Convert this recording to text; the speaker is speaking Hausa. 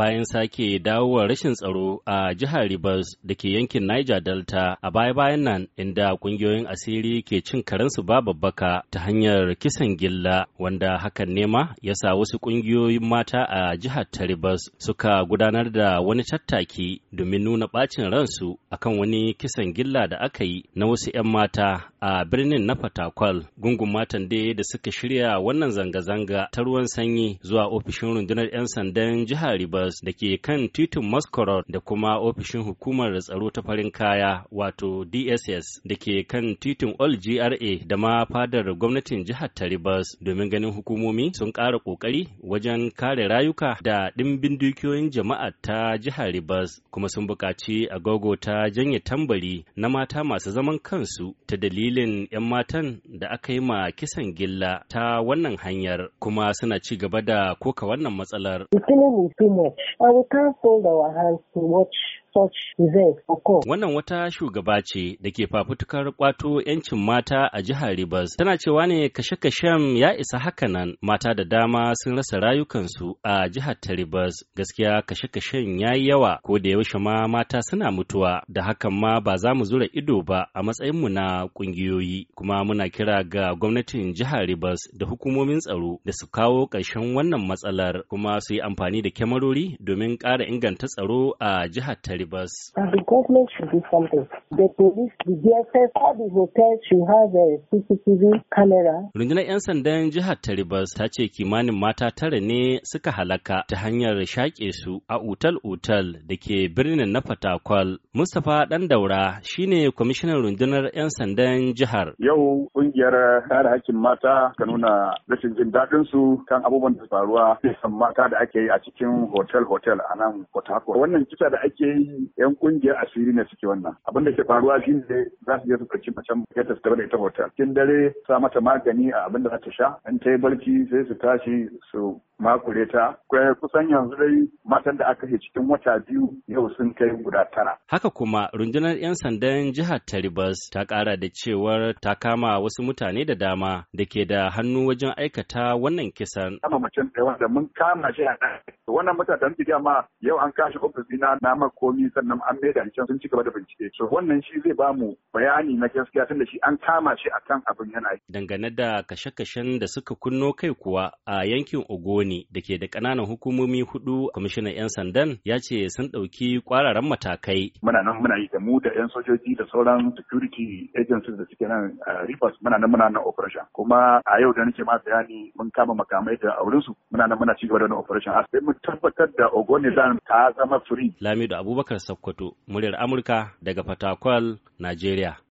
bayan sake dawowa rashin tsaro a jihar Ribas da ke yankin Niger Delta a baya-bayan nan inda kungiyoyin asiri ke cin karensu ba babbaka ta hanyar kisan gilla wanda hakan nema ya sa wasu kungiyoyin mata a jihar ta Rivers suka gudanar da wani tattaki domin nuna bacin ransu akan wani kisan gilla da aka yi na wasu 'yan mata a birnin na Fatakwal gungun matan da suka shirya wannan zanga-zanga ta ruwan sanyi zuwa ofishin rundunar 'yan sandan jihar Rivers Brothers da ke kan titin Moscow da kuma ofishin hukumar tsaro ta farin kaya wato DSS da ke kan titin All GRA da ma fadar gwamnatin jihar Taribas domin ganin hukumomi sun ƙara ƙoƙari wajen kare rayuka da ɗimbin dukiyoyin jama'a ta jihar Ribas kuma sun buƙaci agogo ta janye tambari na mata masu zaman kansu ta dalilin 'yan matan da aka yi ma kisan gilla ta wannan hanyar kuma suna ci gaba da koka wannan matsalar. It's And we can't fold our hands to watch Wannan wata shugaba ce da ke fafutukar kwato 'yancin mata a jihar Rivers. Tana cewa ne kashe-kashen ya isa hakanan mata da dama sun rasa rayukansu a jihar ta Rivers. Gaskiya kashe-kashen ya yi yawa ko da yaushe ma mata suna mutuwa da hakan ma ba za mu zura ido ba a matsayinmu na kungiyoyi kuma muna kira ga gwamnatin jihar Rivers da hukumomin tsaro da su kawo ƙarshen wannan matsalar kuma su yi amfani da kyamarori domin ƙara inganta tsaro a jihar ta Rivers. And the government should do something. The police, the DSS, all the hotels should have a CCTV camera. Rundunar 'yan sandan jihar ta Rivers ta ce kimanin mata tara ne suka halaka ta hanyar shaƙe su a otal-otal da ke birnin na Fatakwal. Mustapha Dan Daura shine kwamishinan rundunar 'yan sandan jihar. Yau ƙungiyar kare hakkin mata ka nuna rashin jin daɗin su kan abubuwan da faruwa mata da ake yi a cikin hotel-hotel a nan Fatakwal. Wannan kisa da ake yi yan kungiyar asiri ne suke wannan abin da ke faruwa shi ne za su je su ɗauki macen ya ta tafi da ita hotel cikin dare sa mata magani a abin da za ta sha an ta yi barci sai su tashi su makureta ta kusan yanzu dai matan da aka cikin wata biyu yau sun kai guda tara. Haka kuma rundunar 'yan sandan jihar Taribas ta kara da cewar ta kama wasu mutane da dama da ke da hannu wajen aikata wannan kisan. Kama mutum ɗaya wanda mun kama shi a wannan mutanen da ma yau an kashe ofis dina na makomi sannan an maida can sun ci gaba da bincike. So wannan shi zai ba mu bayani na gaskiya tunda shi an kama shi akan abin yana. Dangane da kashe-kashen da suka kunno kai kuwa a yankin Ogoni Birni da ke da ƙananan hukumomi hudu kwamishinan 'yan sandan ya ce sun ɗauki ƙwararan matakai. Muna nan muna yi da mu da 'yan sojoji da sauran security agencies da suke nan a Rivers muna nan muna nan operation kuma a yau da nake ma bayani mun kama makamai da aurinsu muna nan muna cigaba da wannan operation A sai mun tabbatar da Ogonizan ta zama free. Lamido Abubakar Sokoto, muryar Amurka daga Fatakwal, Najeriya.